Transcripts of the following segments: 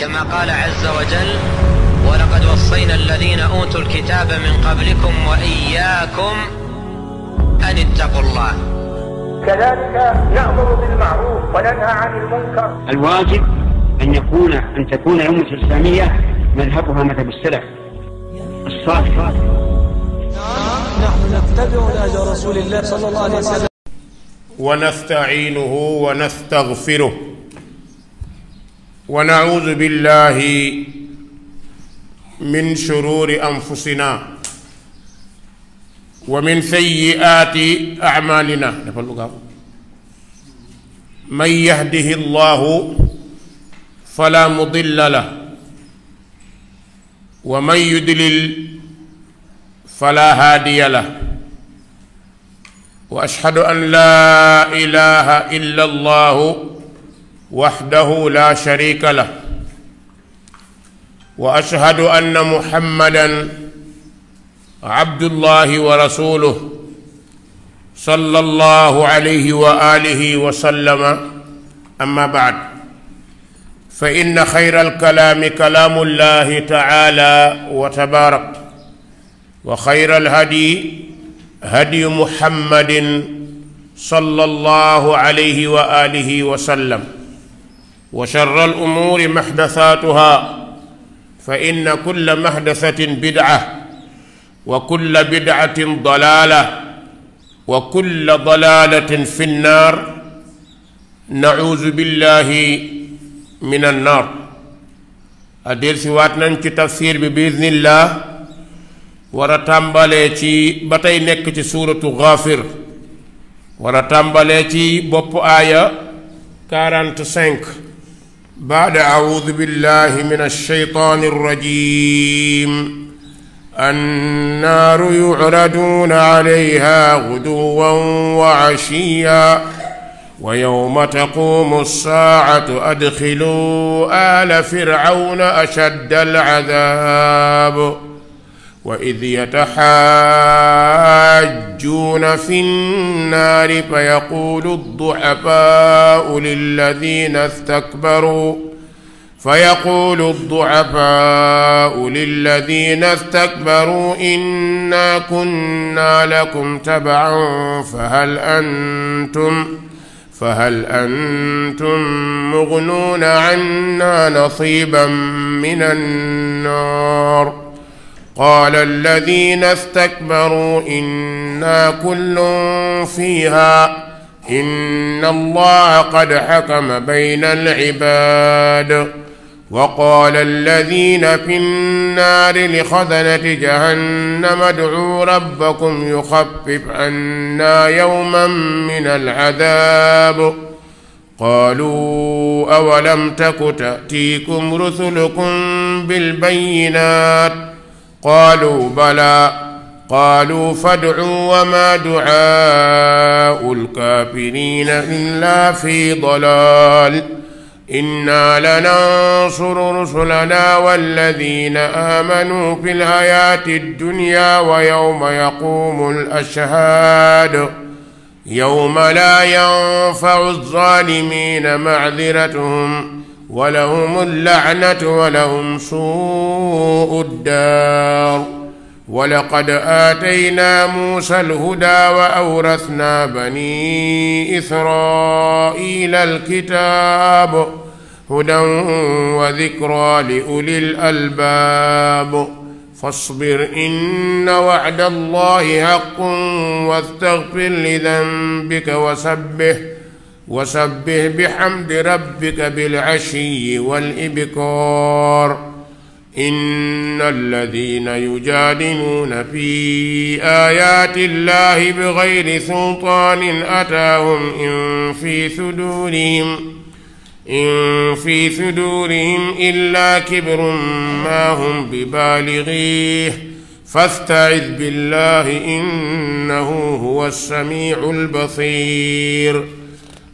كما قال عز وجل ولقد وصينا الذين أوتوا الكتاب من قبلكم وإياكم أن اتقوا الله كذلك نأمر بالمعروف وننهى عن المنكر الواجب أن يكون أن تكون الأمة الإسلامية مذهبها مذهب السلف الصالح نحن نتبع الأجر رسول الله صلى الله عليه وسلم ونستعينه ونستغفره ونعوذ بالله من شرور أنفسنا ومن سيئات أعمالنا من يهده الله فلا مضل له ومن يدلل فلا هادي له واشهد ان لا اله الا الله وحده لا شريك له واشهد ان محمدا عبد الله ورسوله صلى الله عليه واله وسلم اما بعد فان خير الكلام كلام الله تعالى وتبارك وخير الهدي هدي محمد صلى الله عليه واله وسلم وشر الأمور محدثاتها فإن كل محدثة بدعة وكل بدعة ضلالة وكل ضلالة في النار نعوذ بالله من النار أدير سواتنا تفسير بإذن الله war a بطي ci سورة غافر nekk ci بوب آية 45 بعد اعوذ بالله من الشيطان الرجيم النار يعرضون عليها غدوا وعشيا ويوم تقوم الساعه ادخلوا ال فرعون اشد العذاب واذ يتحاجون في النار فيقول الضعفاء للذين استكبروا فيقول الضعفاء للذين استكبروا انا كنا لكم تبعا فهل انتم فهل انتم مغنون عنا نصيبا من النار قال الذين استكبروا انا كل فيها ان الله قد حكم بين العباد وقال الذين في النار لخزنه جهنم ادعوا ربكم يخفف عنا يوما من العذاب قالوا اولم تك تاتيكم رسلكم بالبينات قالوا بلى قالوا فادعوا وما دعاء الكافرين الا في ضلال انا لننصر رسلنا والذين امنوا في الحياه الدنيا ويوم يقوم الاشهاد يوم لا ينفع الظالمين معذرتهم ولهم اللعنة ولهم سوء الدار ولقد آتينا موسى الهدى وأورثنا بني إسرائيل الكتاب هدى وذكرى لأولي الألباب فاصبر إن وعد الله حق واستغفر لذنبك وسبه وسبح بحمد ربك بالعشي والإبكار إن الذين يجادلون في آيات الله بغير سلطان أتاهم إن في صدورهم إن في صدورهم إلا كبر ما هم ببالغيه فاستعذ بالله إنه هو السميع البصير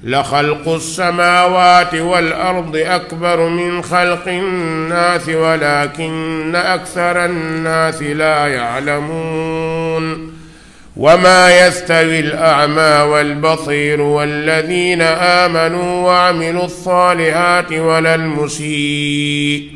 لخلق السماوات والارض اكبر من خلق الناس ولكن اكثر الناس لا يعلمون وما يستوي الاعمى والبصير والذين امنوا وعملوا الصالحات ولا المسيء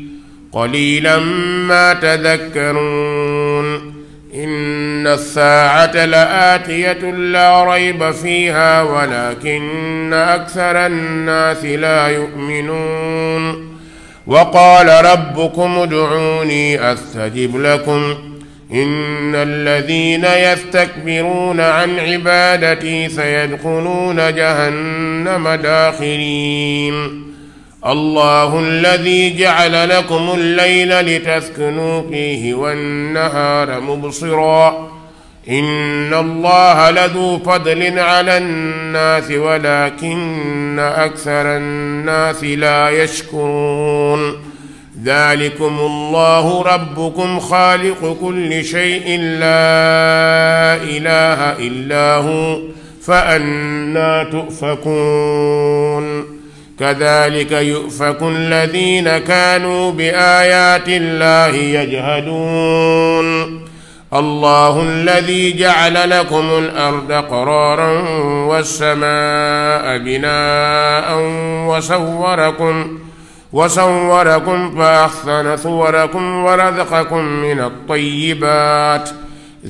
قليلا ما تذكرون إن إن الساعة لآتية لا ريب فيها ولكن أكثر الناس لا يؤمنون وقال ربكم ادعوني أستجب لكم إن الذين يستكبرون عن عبادتي سيدخلون جهنم داخرين الله الذي جعل لكم الليل لتسكنوا فيه والنهار مبصرا إن الله لذو فضل على الناس ولكن أكثر الناس لا يشكرون ذلكم الله ربكم خالق كل شيء لا إله إلا هو فأنا تؤفكون كذلك يؤفك الذين كانوا بآيات الله يجهدون الله الذي جعل لكم الأرض قرارا والسماء بناء وصوركم وصوركم فأحسن صوركم ورزقكم من الطيبات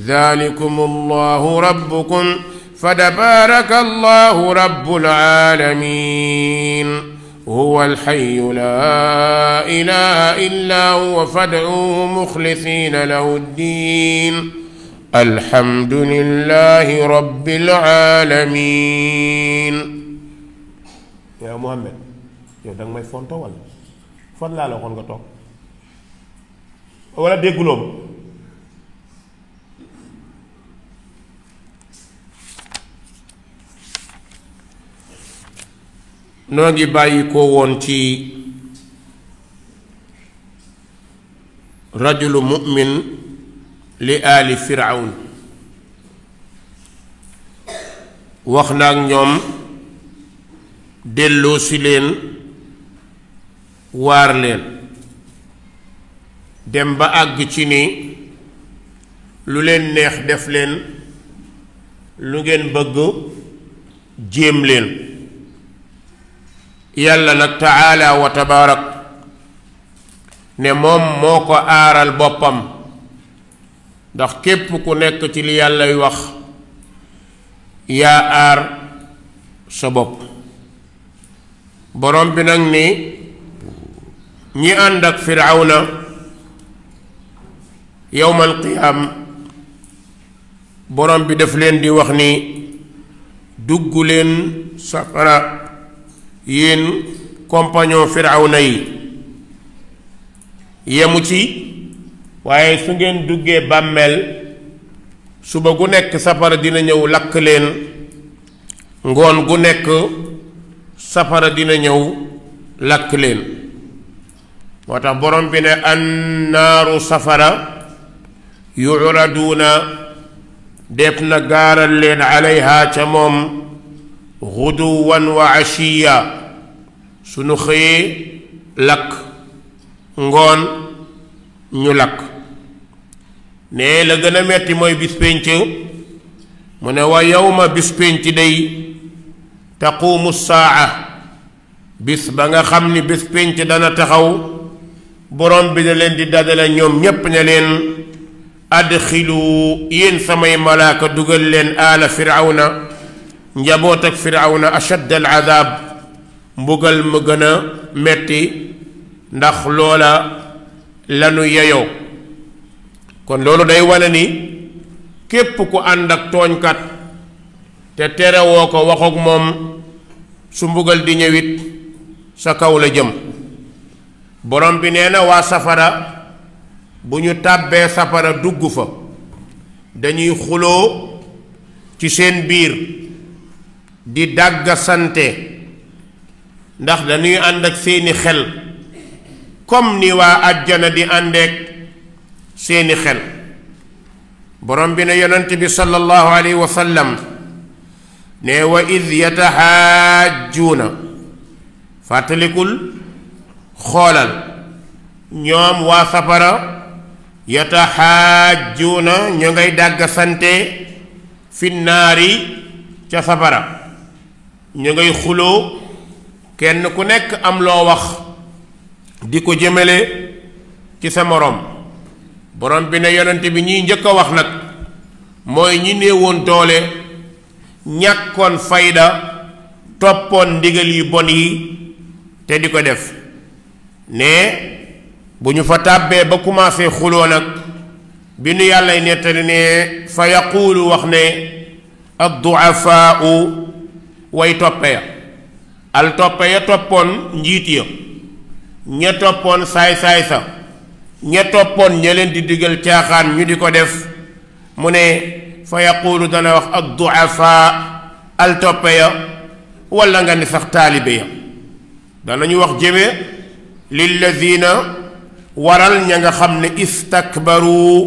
ذلكم الله ربكم فتبارك الله رب العالمين هو الحي لا اله الا هو فادعوه مخلصين له الدين الحمد لله رب العالمين يا محمد يا دنگ ماي فونتو ولا فون لا لا كون غا tok ولا degguloma noo ngi bàyyi ko woon ci rajulu mu'min li aali firawn wax na ak ñoom delloo leen waar leen dem ba àgg ci ni lu leen neex def leen lu ngeen bëgg jéem leen يلا نك تعالى وتبارك نموم موكو آرال بوبام داخ كيب كو نيك تي لي يالا يوخ يا آر سبوب بروم بي نك ني ني اندك فرعون يوم القيام بروم بي داف دي وخني دغولين سقرا yéen compagnon firawna yi yemu ci waaye su ngeen duggee bàmmeel suba gu nekk safara dina ñëw lakk leen ngoon gu nekk safara dina ñëw lakk leen moo tax borom bi ne annaaru safara yuraduuna def na gaaral leen alayha ca moom غدوا وعشيا سونو خي لك نغون ني لك ني لا غنا متي موي بيس بينت من هو يوم بيس بينت دي تقوم الساعه بيس باغا خامني بيس بينت دانا تخاو بروم بي نالين دي دادال نيوم نيب نالين ادخلوا ين سماي ملائكه دوغل لين ال فرعون njaboot ak firawna ashadd al adab mbugal ma gën a metti ndax loola lanu yeyoo kon loolu day wala ni képp ku ànd ak tooñkat te terewoo ko wax moom su mbugal di ñëwit sa kaw la jëm borom bi nee na waa safara bu ñu tàbbee safara dugg fa dañuy xuloo ci seen biir di sante ndax dañuy ànd ak seeni xel comme ni wa aljana di andek seeni xel borom bi ne yonent bi sallallahu alayhi wa sallam ne wa id yatahajjuna fàttalikul xoolal ñom wa safara yatahajjuna ñu ngay sante fi nari ca safara ñu ngay xuloo kenn ku nekk am loo wax di ko jëmale ci sa moroom borom bi na yonent bi ñuy njëkk wax nag mooy ñi néewoon doole ñàkkoon fayda toppoon ndigal yi bon yi te di ko def ne bu ñu fa tàbbee ba commencé xuloo nag bi nu yàlla nettali ne fa yaquulu wax ne ad duafaau way topé ya al topé ya topone njit ya ña topone say say sa ña topone ña di digal caaxaan ñu diko def mune fa yaqulu dana wax ad du'afa al topé ya wala nga ni sax talibé ya danañu wax jëme lillazina waral ña nga xamné istakbaru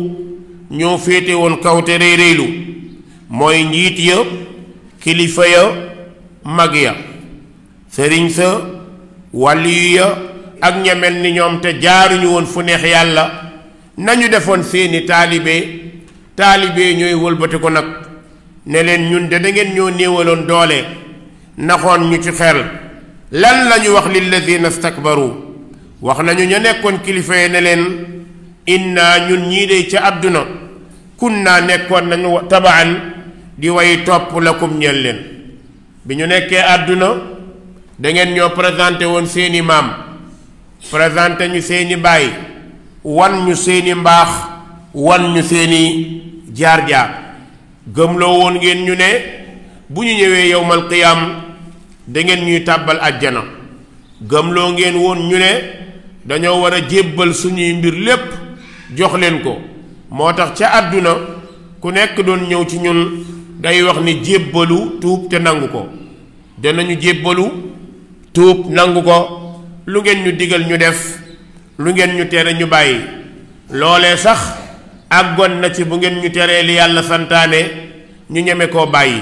ñoo fété won kawté reey reeylu moy njit ya kilifa ya mag ya sëriñ sa wàlliyu ya ak ñamel ni ñoom te jaaruñu woon fu neex yàlla nañu defoon seeni taalibe taalibe ñooy wëlbati ko nag ne leen ñun de da ngeen ñoo néewaloon doole naxoon ñu ci xel lan la ñu wax lilladina stakbaru wax nañu ñu nekkoon kilifa yi ne leen inna ñun ñii de ca àdduna kun naa nekkoon nañu tabaan di way topp lakum ñeel leen bi ñu nekkee àdduna da ngeen ñoo présenté woon seeni maam présenté ñu seeni baay wan ñu seeni mbaax wan ñu seeni jaar-jaar gëmloo woon ngeen ñu ne bu ñu ñëwee yowmal qiyaam da ngeen ñuy tàbbal àjjana gëmloo ngeen woon ñu ne dañoo war a jébbal suñuy mbir lépp jox leen ko moo tax ca àdduna ku nekk doon ñëw ci ñun day wax ni jébbalu tuub te nangu ko danañu jébbalu tuub nangu ko lu ngeen ñu digal ñu def lu ngeen ñu tere ñu bàyyi loolee sax àggoon na ci bu ngeen ñu teree li yàlla santaane ñu ñeme koo bàyyi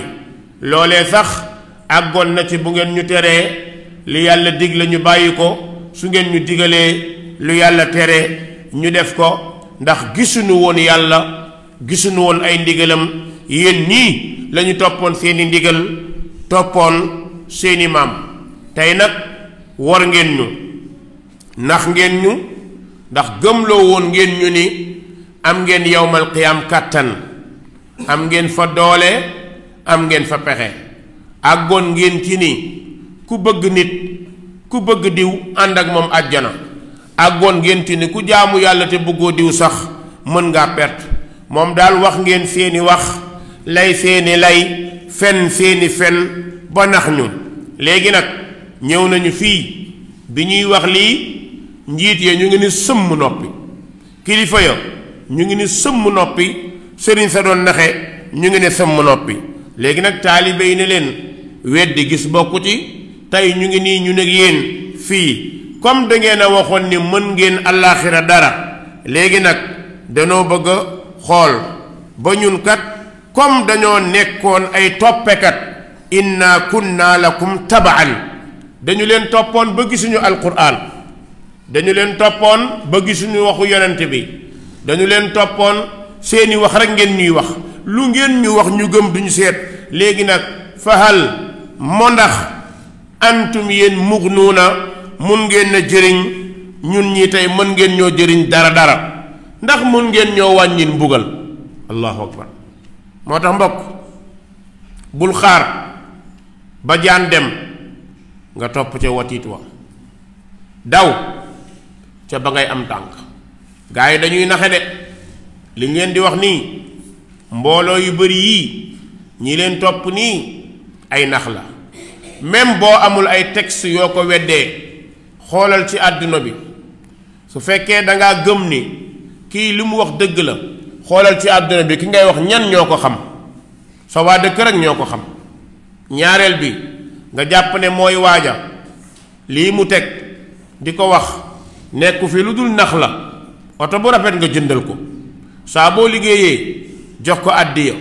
loolee sax àggoon na ci bu ngeen ñu teree li yàlla digle ñu bàyyi ko su ngeen ñu digalee lu yàlla tere ñu def ko ndax gisuñu woon yàlla gisuñu woon ay ndigalam Yen ni lañu topone seeni ndigal topone seeni maam tay nak war ngeen ñu nax ngeen ñu ndax lo won ngeen ñu ni am ngeen yawmal qiyam katan am ngeen fa doole am ngeen fa pexé agon ngeen ci ni ku bëgg nit ku bëgg diw and ak mom aljana agon ngeen ci ni ku jaamu yalla te bëggo diw sax mën nga perte mom dal wax ngeen seeni wax lay seeni lay fen seeni fen ba nax ñu léegi nag ñëw nañu fii bi ñuy wax lii njiit ya ñu ngi ne sëmm noppi kilifa ya ñu ngi ne sëmm noppi sëriñ sa doon naxe ñu ngi ne sëmm noppi léegi nag taalibe yi ne leen weddi gis bokku tey ñu ngi nii ñu nekk yéen fii comme da ngeen a waxoon ni mën ngeen àllaaxira dara léegi nag danoo bëgg a xool ba ñun kat comme dañoo nekkoon ay toppekat inna kunna lakum tabaan dañu leen toppoon ba gisuñu alquran dañu leen toppoon ba gisuñu waxu yonent bi dañu leen toppoon seeni wax rek ngeen ñuy wax lu ngeen ñu wax ñu gëm duñu seet léegi nag fahal moo ndax antum yéen mugnuuna mun ngeen na jëriñ ñun ñi tey mën ngeen ñoo jëriñ dara dara ndax mun ngeen ñoo wàññin mbugal moo tax mbokk bul xaar ba jaan dem nga topp ca watiit wa daw ca ba ngay am tànk gaa yi dañuy naxe de li ngeen di wax nii mbooloo yu bari yii ñi leen topp nii ay nax la même boo amul ay texte yoo ko weddee xoolal ci àdduna bi su fekkee dangaa gëm ni kii li mu wax dëgg la xoolal ci àdduna bi ki ngay wax ñan ñoo ko xam sa waa dëkk rek ñoo ko xam ñaareel bi nga jàpp ne mooy waaja lii mu teg di ko wax nekku fi lu dul nax la oto bu rafet nga jëndal ko saa boo liggéeyee jox ko àddiya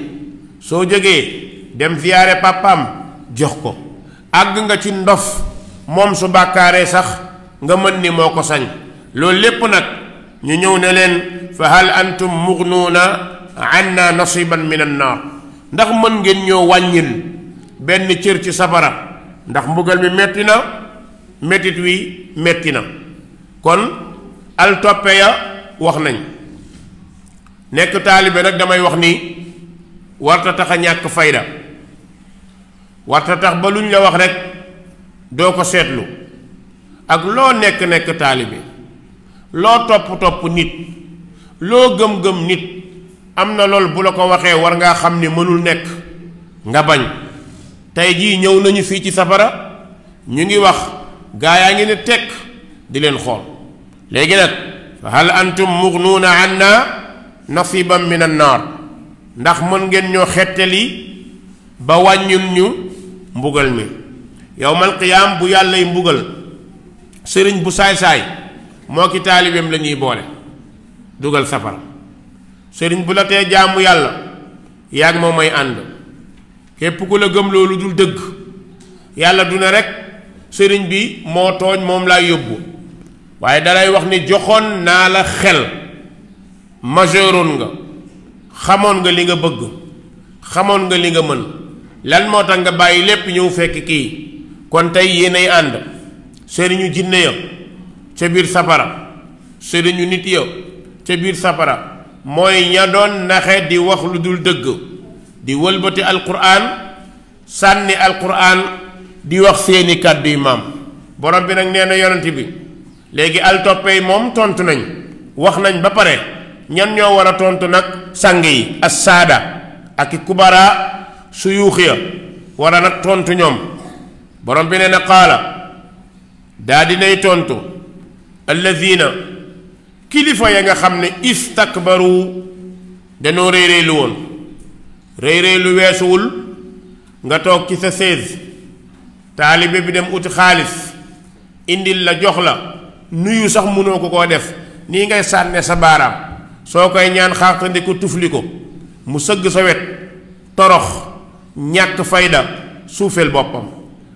soo jógee dem ziyaare pàppaam jox ko àgg nga ci ndof moom su bàkkaaree sax nga mën ni moo ko sañ loolu lépp nag ñu ñëw ne leen fahal antum mugnuuna anna nasiban min annaar ndax mën ngeen ñoo wàññil benn cër ci safara ndax mbugal mi metti na mettit wi metti na kon al toppe ya wax nañ nekk taalibe nag damay wax ni warta tax a ñàkk fayda warta tax ba luñ la wax rek doo ko seetlu ak loo nekk nekk taalibe loo topp topp nit loo gëm-gëm nit am na lool bu la ko waxee war ngaa xam ni mënul nekk nga bañ tey jii ñëw nañu fii ci safara ñu ngi wax gaa yaa ngi ne tekk di leen xool léegi nag fa hal antum mugnuuna anna nasiban min annaar ndax mën ngeen ñoo xettali ba wàññul ñu mbugal mi yowmal qiyaam bu yàllay mbugal sëriñ bu saay-saay moo ki taalibeem la boole dugal safara serigne bu la tee jaamu yàlla yaag moo may and kep ku la gem lolou dul deug yalla duna rek serigne bi mo togn mom la yobbu waye dalay wax ni joxon na la xel majeurun nga xamoon nga li nga bëgg xamoon nga li nga mën lan mo tax nga bayyi lepp ñew fekk ki kon tay yeenay and serigne jinne ya ci bir safara serigne nit ya ca biir safara mooy ña doon naxe di wax lu dul dëgg di wëlbati alquran sànni alquran di wax seeni kàddu yi maam borom bi nag nee na yonent bi léegi altoppe yi moom tontu nañ wax nañ ba pare ñan ñoo war tontu nag sang yi as saada ak i kubaraa suyuux ya war a nag tontu ñoom borom bi nee na qaala daa dinay tontu allazina kilifa ya nga xam ne is takk istakbaru danoo réyréylu woon réyréylu weesuwul nga toog ci sa seize taalibe bi dem uti xaalis indil la jox la nuyu sax mënoo ko koo def nii ngay sànne sa baaraam soo koy ñaan xàqandi tufli ko mu sëgg sa wet torox ñàkk fayda suufeel boppam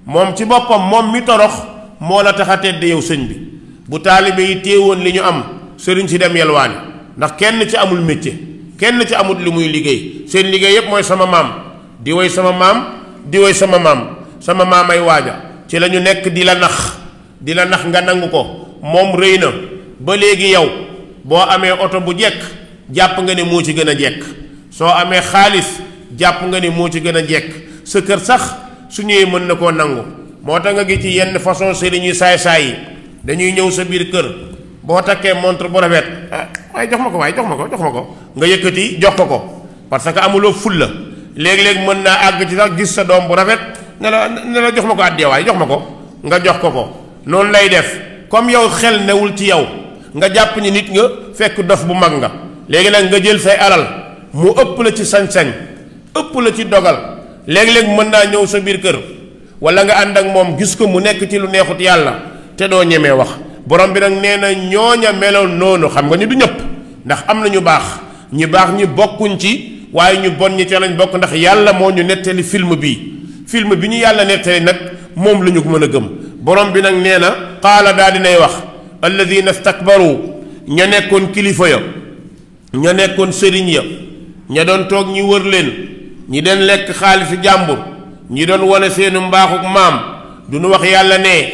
moom ci boppam moom mi torox moo la tax a tedd yow sëñ bi bu taalibe yi téewoon li ñu am sering ci dem yelwani ndax kenn ci amul métier kenn ci amul li muy liggéey seen liggéey yépp mooy sama mam, di way sama mam, di way sama mam, sama mam ay waja ci lañu ñu nekk di la nax di la nax nga nangu ko mom reyna ba léegi yow bo amé auto bu jek japp nga ni mo ci gëna jek so amé khalis japp nga ni mo ci gëna jek sa kër sax su ñëwé mën na ko nangu nga gi ci yenn façon serigne say say dañuy ñëw sa bir kër boo takkee montre bu rafet ah waaye jox ma ko waaye jox ma ko jox ma ko nga yëkkati jox ko ko parce que amuloo ful la léeg-léeg mën naa àgg ci sax gis sa doom bu rafet ne la ne jox ma ko àddee waaye jox ma ko nga jox ko ko noonu lay def comme yow xel newul ci yow nga jàpp ni nit nga fekk dof bu mag nga léegi nag nga jël say alal mu ëpp la ci sañ-sañ ëpp la ci dogal léeg-léeg mën naa ñëw sa biir kër wala nga ànd ak moom gis ko mu nekk ci lu neexut yàlla te doo ñemee wax borom bi nag nee na ñooña meloon noonu xam nga ni du ñëpp ndax am na ñu baax ñi baax ñi bokkuñ ci waaye ñu bon ñi ca lañ bokk ndax yàlla moo ñu nettali film bi film bi ñu yàlla nettali nag moom la ñu ko mën a gëm borom bi nag nee na qaala daa dinay wax alladina stakbaru ña nekkoon kilifa ya ña nekkoon sëriñ ya ña doon toog ñi wër leen ñi doon lekk xaalisu jàmbur ñi doon wane seenu mbaaxuk maam du nu wax yàlla ne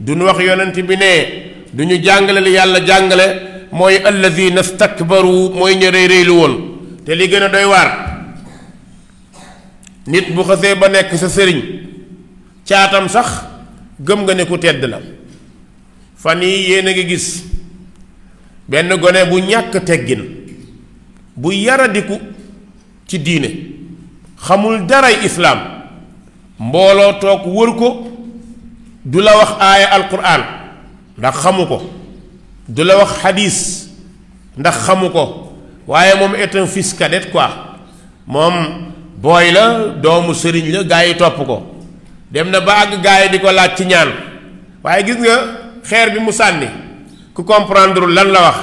du nu wax yonent bi ne du ñu jàngale li yàlla jàngale mooy alladina stakbaru mooy ñu rëy woon te li gën a doy waar nit bu xasee ba nekk sa sëriñ caatam sax gëm nga ne ku tedd la fan yii yéen a ngi gis benn gone bu ñàkk teggin bu yaradiku ci diine xamul daray islaam mbooloo toog wër ko du la wax aaya alquran ndax xamuko ko du la wax hadis ndax xamuko ko mom est un fils cadet quoi mom boy la doomu serigne la gaay yi topp ko dem na ba ag gaay yi di ci ñaan waye gis nga xeer bi mu sanni ku comprendre lan la wax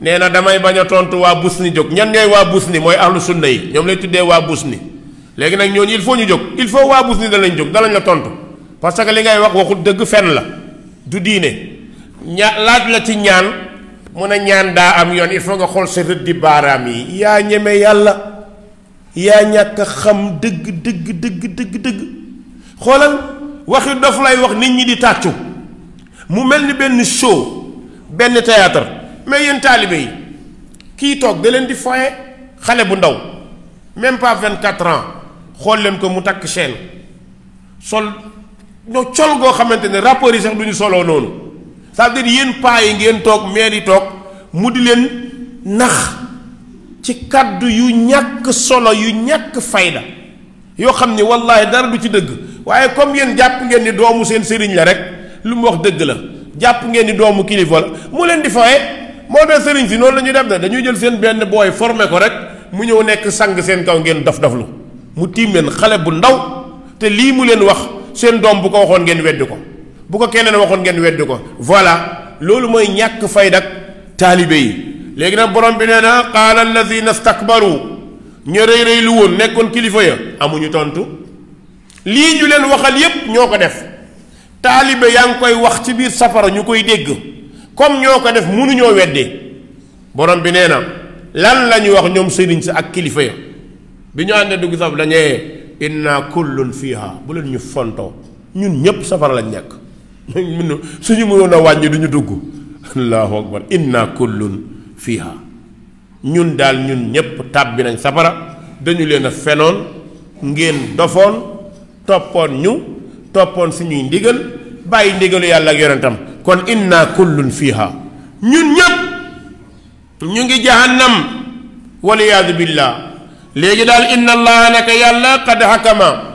neena damay baña tontu wa busni jog ñan ngay wa busni moy ahlus sunna yi ñom lay tuddé wa busni légui nak ñooñu il faut ñu jog il faut wa busni jog da lañ la tontu parce que li ngay wax waxul deug fenn la du diiné ñaa laaj la ci ñaan mun a ñaan daa am yoon i faut nga xool sa rëddi baaraam yi yaa ñeme yàlla yaa ñàkk xam dëgg dëgg dëgg dëgg dëgg xoolal waxi dof lay wax nit ñi di tàccu mu mel ni benn show benn théâtre mais yéen taalibe yi kii toog da di foye xale bu ndaw même pas vingt quatre ans xool leen ko mu takk chaîne sol ñoo col goo xamante ne rapport yi sax du ñu soloo noonu ça veut dire yéen paa yi ngeen toog meer yi toog mu di leen nax ci kàddu yu ñàkk solo yu ñàkk fayda yoo xam ni wallaahi dara du ci dëgg waaye comme yéen jàpp ngeen ni doomu seen sëriñ la rek lu mu wax dëgg la jàpp ngeen ni doomu kilifa la mu leen di faye moo tax sëriñ si noonu la ñu def de dañuy jël seen benn booy formé ko rek mu ñëw nekk sang seen kaw ngeen dof doflu mu tiim leen xale bu ndaw te lii mu leen wax seen doom bu ko waxoon ngeen weddi ko bu ko keneen waxoon ngeen weddi ko voilà loolu mooy ñàkk faydak taalibe yi léegi nag borom bi nee na qaala alladina stakbaru ñu rëy rëy lu woon nekkoon kilifa ya amuñu tontu lii ñu leen waxal yépp ñoo ko def taalibe yaa ngi koy wax ci biir safara ñu koy dégg comme ñoo ko def mënuñoo weddi borom bi nee na lan la ñu wax ñoom sëriñ si ak kilifa ya bi ñu àndee dugg saf dañee inna kullun fiha bu leen ñu fontoo ñun ñépp safara lañ nekk nañ mën suñu mënoon a wàññi duñu dugg allahu akbar inna kullun fiha ñun daal ñun ñépp tàbbi nañ safara dañu leen a fenoon ngeen dofoon toppoon ñu toppoon suñuy ndigal bàyyi ndigalu yàlla ak yonentam kon inna kullun fiha ñun ñépp ñu ngi jahannam waliyaadu billah léegi daal inna allaha naka yàlla qad hakama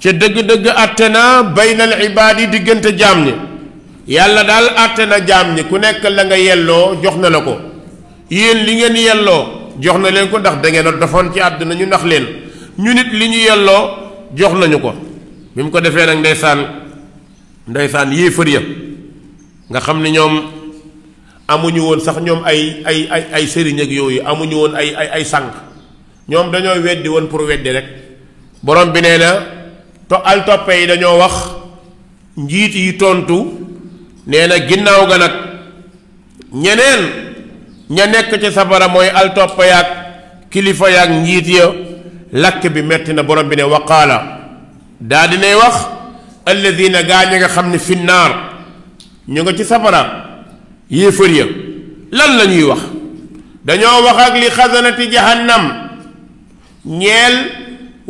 ca dëgg-dëgg àtte na baynal ibaad yi diggante jaam ñi yàlla daal àtte na jaam ñi ku nekk la nga yelloo jox na la ko yéen li ngeen yelloo jox na leen ko ndax da ngeen a dofoon ci àdduna ñu nax leen ñu nit li ñu yelloo jox nañu ko bi mu ko defee nag ndeysaan ndeysaan yéefar ya nga xam ne ñoom amuñu woon sax ñoom ay ay ay ay sëriñ ak yooyu amuñu woon ay ay ay sànq ñoom dañoo weddi woon pour weddi rek borom bi nee na to al toppe yi dañoo wax njiit yi tontu nee na ginnaaw ga nag ñeneen ña nekk ci safara mooy al toppe yaag kilifa yaag njiit ya lakk bi metti na borom bi ne waqaala daa dinay wax alladina gaa ñi nga xam ne fi ñu nga ci safara yéefar ya lan la ñuy wax dañoo wax ak li xasanati jahannam ñeel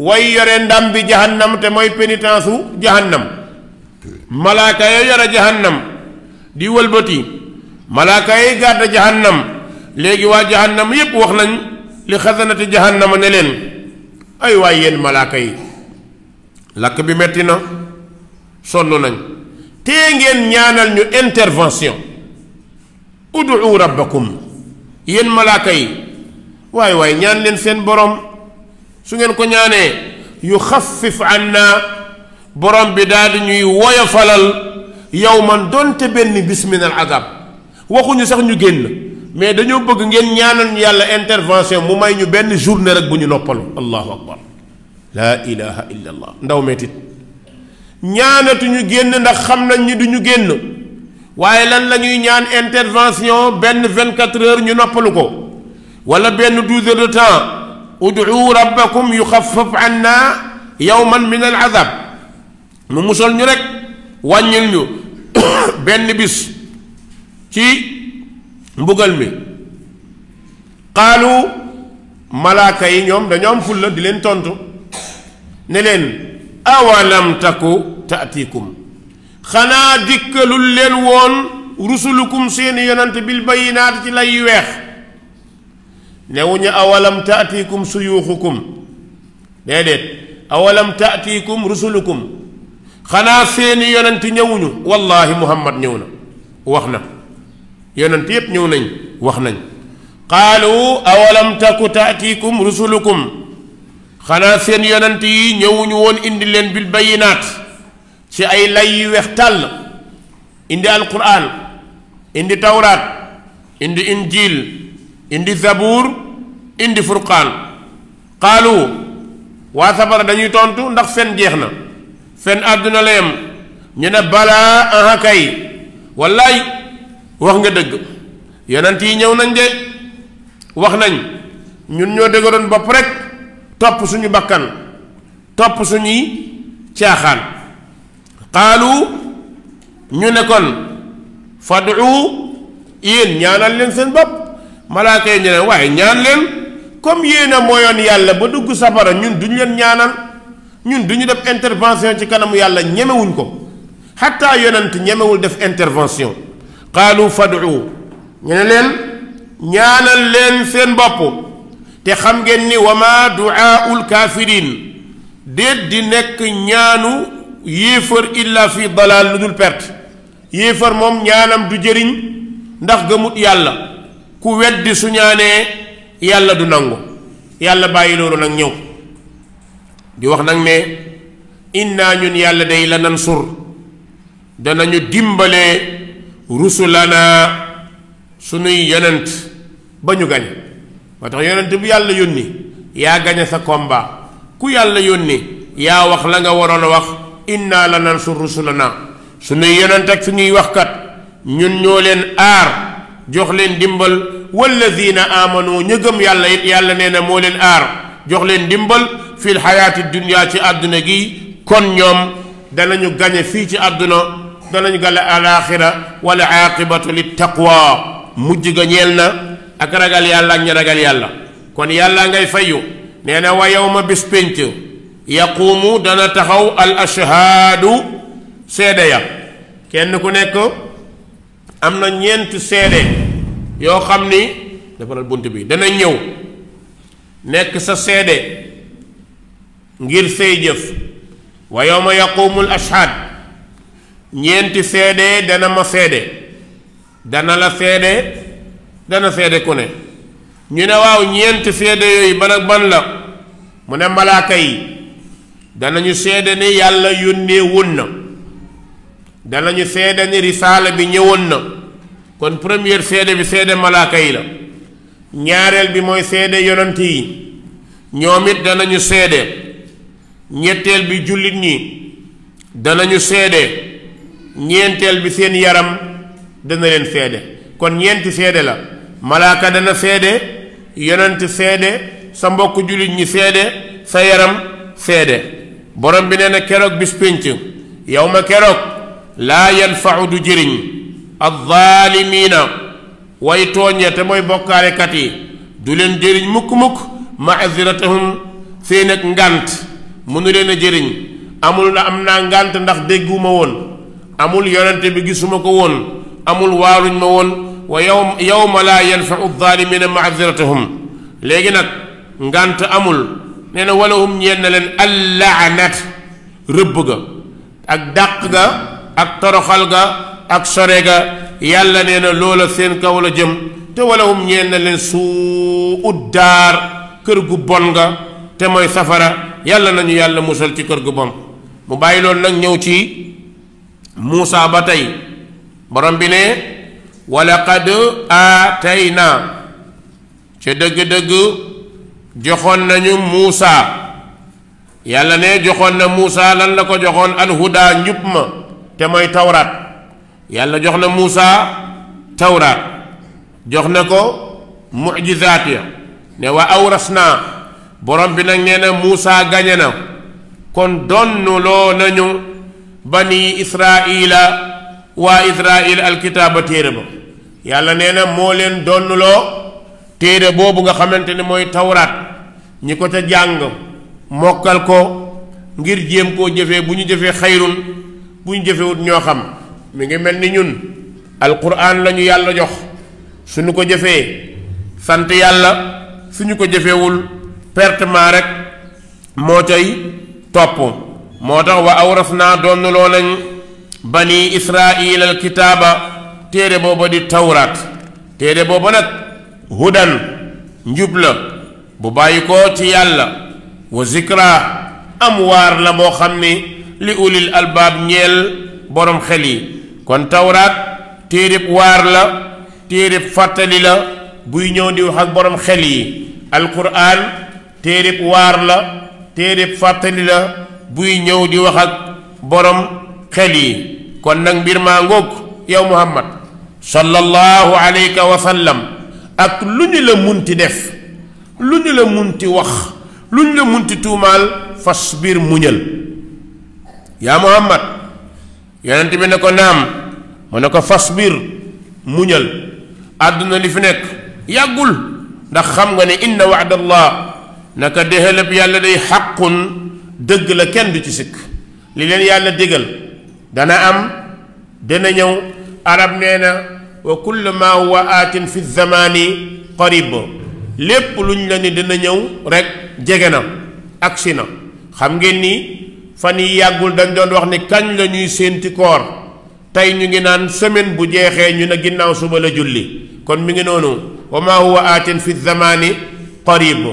way yore ndam bi jahannam te mooy pénitence u malaaka ya yore jahannam di wëlbati malaaka yi gàdd jahannam léegi waa jahannam yépp wax nañ li xasanati jahannama ne leen ay waay yéen malaaka yi lakk bi metti na sonn nañ tee ngeen ñaanal ñu intervention ud'u rabbakum yéen malaaka yi waay waay ñaan leen seen borom سنين كنياني يخفف عنا برام بداد ني ويفلل يوما دونت بني بسم العذاب وخو ني سخ ني ген مي دانيو بوغ نين نيانن يالا انترفنسيون مو ماي بني نوبل الله اكبر لا اله الا الله ndaw metit ñaanatu ñu genn ndax xam nañ ni duñu genn waaye lan la ñuy 24 heures ñu noppalu ko wala 12 heures ادعوا ربكم يخفف عنا يوما من العذاب مو مسول ني رك واغنيل ني بن بيس تي مبوغل مي قالوا ملائكه نيوم دا نيوم فول دي لين تونتو نلين او لم تكو تاتيكم خنا ديكلول لين وون رسلكم سين يونت بالبينات لاي ويخ نونا أولم تأتيكم سيوخكم ديدت أولم تأتيكم رسلكم خنا سيني يوننتي نيونا والله محمد نيونا وخنا يوننتي يب نيونا وخنا قالوا أولم تك تأتيكم رسلكم خنا سيني يوننتي نيونا ون اندلين بالبينات سي أي لأي وقتال اندي القرآن اندي تورات اندي انجيل اندي indi zabuur indi furqaan xaalu waa safara dañuy tontu ndax fen jeex na fen àdduna la yem ñu ne balaa aha kay wallaay wax nga dëgg yonent yi ñëw nañ de wax nañ ñun ñoo dëgëroon bopp rek topp suñu bakkan topp suñuy caaxaan xaalu ñu ne kon fadu yéen ñaanal leen seen bopp malaaka yi ñu waaye ñaan leen comme yéen a mooyoon yàlla ba dugg safara ñun duñu leen ñaanal ñun duñu def intervention ci kanamu yàlla ñemewuñ ko xataa yonent ñemewul def intervention qaalu fadu ñu ne leen ñaanal leen seen bopp te xam ngeen ni wa ma duaaul kaafiriin déet di nekk ñaanu yéefar illa fi dalaal lu dul perte yéefar moom ñaanam du jëriñ ndax gëmut yàlla ku weddi su ñaanee yàlla du nangu yàlla bàyyi loolu nag ñëw di wax nag ne naa ñun yàlla day la nansur danañu dimbale su nuy yonent ba ñu gañ moo tax yonent bu yàlla yónni yaa gañe sa komba ku yàlla yónni yaa wax la nga waroon a wax inna la nansur rusulana sunuy yonent ak suñuy waxkat ñun ñoo leen aar jox leen dimbal walladina amanu ña gëm yàlla yàlla nee na moo leen aar jox leen dimbal fil xayaati dunia ci àdduna gi kon ñoom danañu gañe fii ci àdduna danañu gale alaaxira wala aaqibatu lit taqwa mujj na ak ragal yàlla kon yàlla ngay fayu nee na wa yawma bis pénc yaquumu dana taxaw al ashhaadu seede ya kenn ku nekk am na ñeenti seede yoo xam ni defaral bunt bi dana ñëw nekk sa seede ngir say jëf wa yawma yaqumul ashhad ñeenti seede dana ma seede dana la seede dana seede ku ne ñu ne waaw ñeenti seede yooyu ban ak ban la mu ne malaaka yi danañu seede ni yàlla yónnee woon na danañu seede ni risaala bi ñëwoon na kon première seede bi seede malaaka yi la ñaareel bi mooy seede yonant yi ñoom it danañu seede ñetteel bi jullit ñi danañu seede ñeenteel bi seen yaram dana leen seede kon ñeenti seede la malaaka dana seede yonant seede sa mbokk jullit ñi seede sa yaram seede borom bi nee na keroog bis yow ma keroog laa yanfau du jëriñ alzaalimiina way tooñee te mooy bokkaalekat yi du leen jëriñ mukk-mukk maasiratahum seen ak ngànt mënu leen a jëriñ amul na am naa ngànt ndax dégguma woon amul yonente bi gisuma ko woon amul waaluñ ma woon wa yow yowma laa yanfau zaalimiina maasiratahum léegi nag ngànt amul nee na walahum ñeen na leen allaanat rëbb ga ak dàq ga ak toroxal ga ak sore ga yàlla nee na loola seen kaw la jëm te walahum ñeen na leen suu ut daar kër gu bon nga te mooy safara yàlla nañu yàlla musal ci kër gu bon mu bàyyi loolu nag ñëw ci Muusa ba tey borom bi ne walaqad aatayna ca dëgg-dëgg joxoon nañu muusaa yàlla ne joxoon na Muusa lan la ko joxoon alhuda njub ma te mooy tawraat yàlla jox na Muusaa tawraat jox na ko mujizaat ya ne wa awras naa borom bi nag nee na Muusaa gañe na kon donnuloo nañu bani israila waa israil alkitaaba téere ba yàlla nee na moo leen donnuloo téere boobu nga xamante ne mooy tawraat ñi ko ca jàng mokkal ko ngir jéem koo jëfee bu ñu jëfee xayrun bu ñu jëfewut ñoo xam mi ngi mel ni ñun alquran la ñu yàlla jox suñu ko jëfee sant yàlla suñu ko jëfewul pertement rek moo cay topp moo tax wa awras naa doonnuloo nañ bani israil alkitaaba téere booba di tawraat téere booba nag hudan njub la bu bàyyi koo ci yàlla wa zikra am waar la boo xam ni li ulil albaab ñeel borom xel yi kon tawrat téereb war la téereb fatali la buy ñëw di wax ak borom xel yi alquran téereb war la téereb fatali la buy ñëw di wax ak borom xel yi kon nak mbir ma ngok yow muhammad sallallahu alayka wa sallam ak luñu la munti def luñu la munti wax luñu la munti tumal fasbir muñal ya muhammad yonent bi ne ko naam mu ne ko fasbir muñal àdduna li fi nekk yàggul ndax xam nga ne inna wa'da allah naka déxalab yàlla day xàqun dëgg la kenn du ci sikk li leen yàlla digal dana am dana ñëw arab nee na wa kullu ma huwa aatin fi zamani qarib lépp luñ la ni dina ñëw rek jege na agsi na xam ngeen ni fan yi yàggul dañ doon wax ni kañ la ñuy séenti koor tey ñu ngi naan semaine bu jeexee ñu ne ginnaaw suba la julli kon mi ngi noonu wa maa huwa aatin fi zamani qarib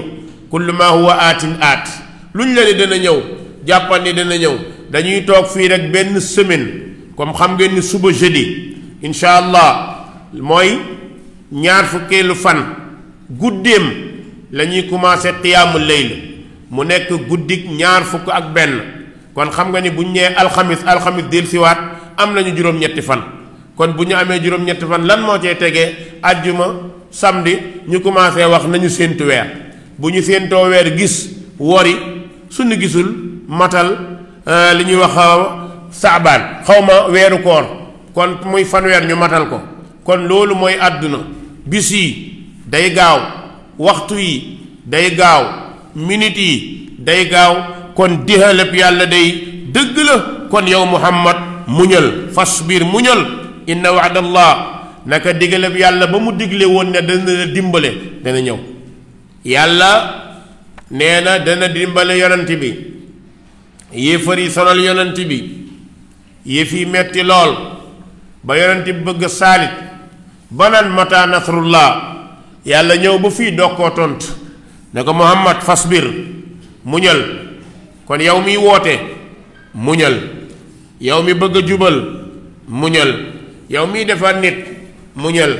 kullu maa huwa aatin aat luñ la ne dana ñëw jàppal ni ñëw dañuy toog fii rek benn semaine comme xam ngeen ni suba jeudi incha allah mooy ñaar fukkeelu fan guddeem lañuy ñuy commencé qiyaamu layl mu nekk guddik ñaar fukk ak benn kon xam nga ni bu ñu nee alxamis alxamis dellusiwaat am nañu juróom-ñetti fan kon bu ñu amee juróom-ñetti fan lan moo cee tegee ajjuma samedi ñu commencé wax nañu séentu weer bu ñu séentoo weer gis wori suñu gisul matal euh, li ñuy wax euh, saabaan xaw ma weeru koor kon muy fanweer ñu matal ko kon loolu mooy àdduna bis yi day gaaw waxtu yi day gaaw minit yi day gaaw kon dixalëb yàlla day dëgg la kon yow muhammad muñal biir muñal inna waadallah naka digalëb yàlla ba mu digle woon ne dana dimbale dana ñëw yàlla nee na dana dimbale yonent bi yéefar yi sonal yonent bi yëf yi metti lool ba yonent bi bëgg saalit ba naan mata nasrullah yàlla ñëw ba fii dokkoo tont ne ko muhammad fasbir muñal kon yow miy woote muñal yow mi bëgg a jubal muñal yow mii defar nit muñal